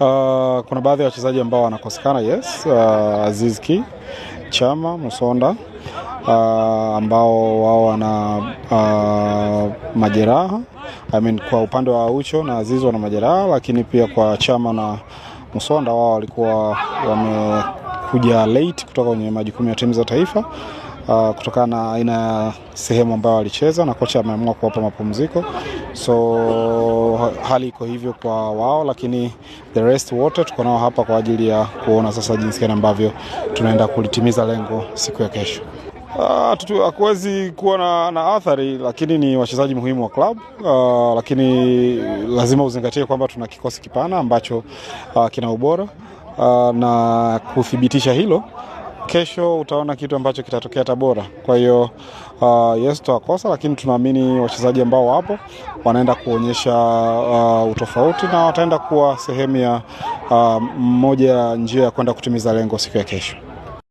Uh, kuna baadhi ya wachezaji ambao wanakosekana yes. Uh, Azizki Chama Musonda uh, ambao wao wana uh, majeraha I mean, kwa upande wa Ucho na Aziz wana majeraha, lakini pia kwa Chama na Musonda wao walikuwa wamekuja late kutoka kwenye majukumu ya timu za taifa uh, kutokana na aina ya sehemu ambayo alicheza na kocha ameamua kuwapa mapumziko, so hali iko hivyo kwa wao, lakini the rest wote tuko nao hapa kwa ajili ya kuona sasa jinsi gani ambavyo tunaenda kulitimiza lengo siku ya kesho. Ah, hakuwezi uh, kuwa na, na athari lakini ni wachezaji muhimu wa club uh, lakini lazima uzingatie kwamba tuna kikosi kipana ambacho uh, kina ubora uh, na kuthibitisha hilo kesho utaona kitu ambacho kitatokea Tabora. Kwa hiyo uh, yes tutakosa, lakini tunaamini wachezaji ambao wapo wanaenda kuonyesha uh, utofauti na wataenda kuwa sehemu ya uh, moja njia ya kwenda kutimiza lengo siku ya kesho.